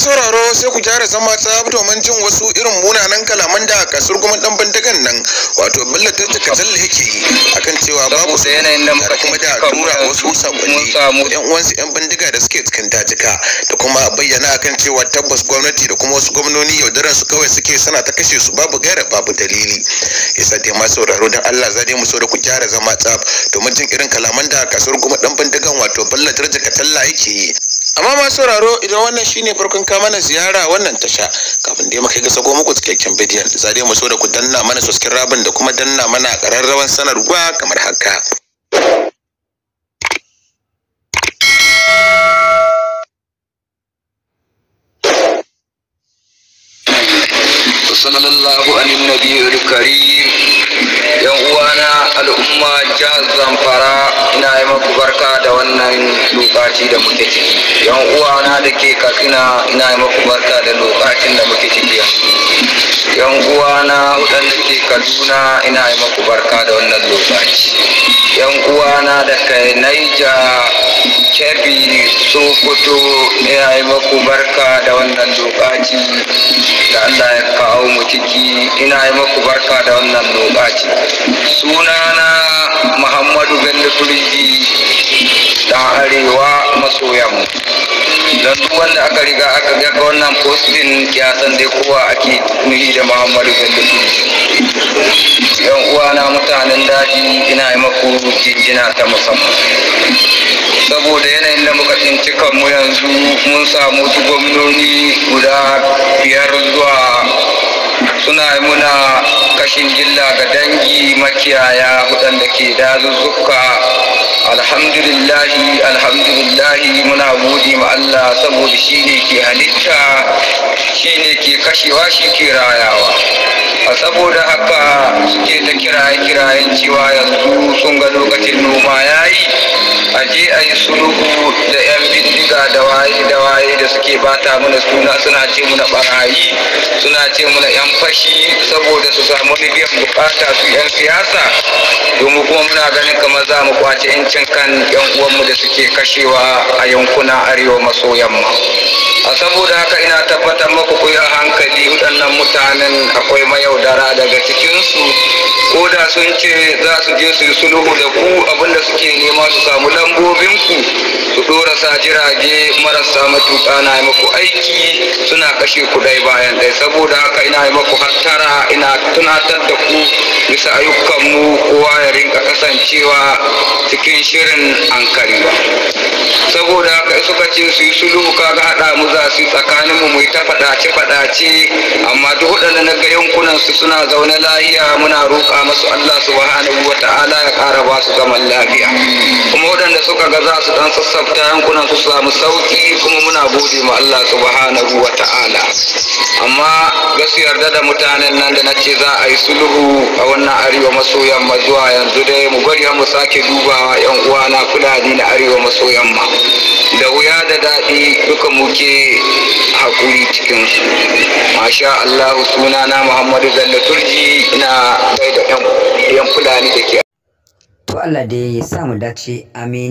sauraro sai ku gyara zama tsab domin jin wasu irin munanan kalaman da kasar kuma dan bindigan nan wato billa ta cika zalla yake yi akan cewa babu da yanayin nan ba kuma da tura wasu sakonni yan su yan bindiga da suke cikin dajika da kuma bayyana akan cewa tabbas gwamnati da kuma wasu gwamnoni yaudaran su kawai suke sana ta kashe su babu gaira babu dalili yasa dai masu sauraro dan Allah za dai mu so da ku gyara zama to domin jin irin kalaman da kasar kuma dan bindigan wato balla ta talla yake yi amma masu sauraro idan wannan shine farkon ka mana ziyara wannan tasha kafin dai muka ga sako muku cikakken bidiyon za dai mu so da ku danna mana soskin rabin da kuma danna mana ƙararrawan sanarwa kamar haka صلى الله على النبي الكريم kuma jihar zamfara ina yi maku barka da wannan lokaci da muke ciki yan uwana da ke katsina ina yi maku barka da lokacin da muke ciki yan uwana waɗanda ke kaduna ina yi maku barka da wannan lokaci yan uwana da kai naija kebi sokoto ina yi maku barka da wannan lokaci da allah ya kawo mu ciki ina yi maku barka da wannan lokaci sunana firji dan arewa masoyan don duk wanda aka riga aka ga wannan postin ya san dai kowa ake nuhi da muhammadu bello yan uwa na mutanen daji ina yi maku jinjina ta musamman saboda yanayin da muka tsinci mu yanzu mun samu su gwamnoni guda biyar zuwa suna muna kashin gilla ga dangi makiyaya waɗanda ke dazuzzuka alhamdulillahi alhamdulillahi muna gode ma Allah saboda shi ne ke halitta shi ne ke kashewa shi ke rayawa a saboda haka suke ta kiraye-kirayen cewa yanzu sun ga lokacin noma yayi a je a yi sulhu da 'yan bindiga da waye da suke bata mana suna suna ce muna barayi suna ce muna yan fashi saboda su samu biyan bukata su yan siyasa domin kuma muna ganin kamar za mu kwace yancin kan yan uwanmu da suke kashewa a yankuna arewa maso yamma a saboda haka ina tabbatar maku ku yi hankali waɗannan mutanen akwai mayaudara daga cikinsu ko da sun ce za su je su yi sulhu da ku abinda suke nema su samu lambobinku su dora sa jirage marasa matuƙa na yi muku aiki suna kashe ku dai bayan dai saboda haka ina yi maku hattara ina tunatar da ku bisa ayyukanmu kowa ya rinka kasancewa cikin shirin ankari lokacin su yi sulhu kaga hada mu za su tsakanin mu mu ta fadace-fadace, amma duk waɗanda na ga yankunan su suna zaune lafiya muna roƙa musu Allah subhanahu wataala ya kara ba su zaman lafiya kuma waɗanda suka ga za su dan sassafta yankunan su samu sauki kuma muna gode ma Allah subhanahu wataala amma ga yarda da mutanen nan da nace za a yi sulhu a wannan arewa maso yamma zuwa yanzu dai mu bari mu sake dubawa yan uwa na fulani na arewa maso yamma da wuya da daɗi duka muke haƙuri cikin su masha Allah suna na Muhammadu Zallaturji Turji na bai da yan fulani da ke to Allah da ya sa mu dace amin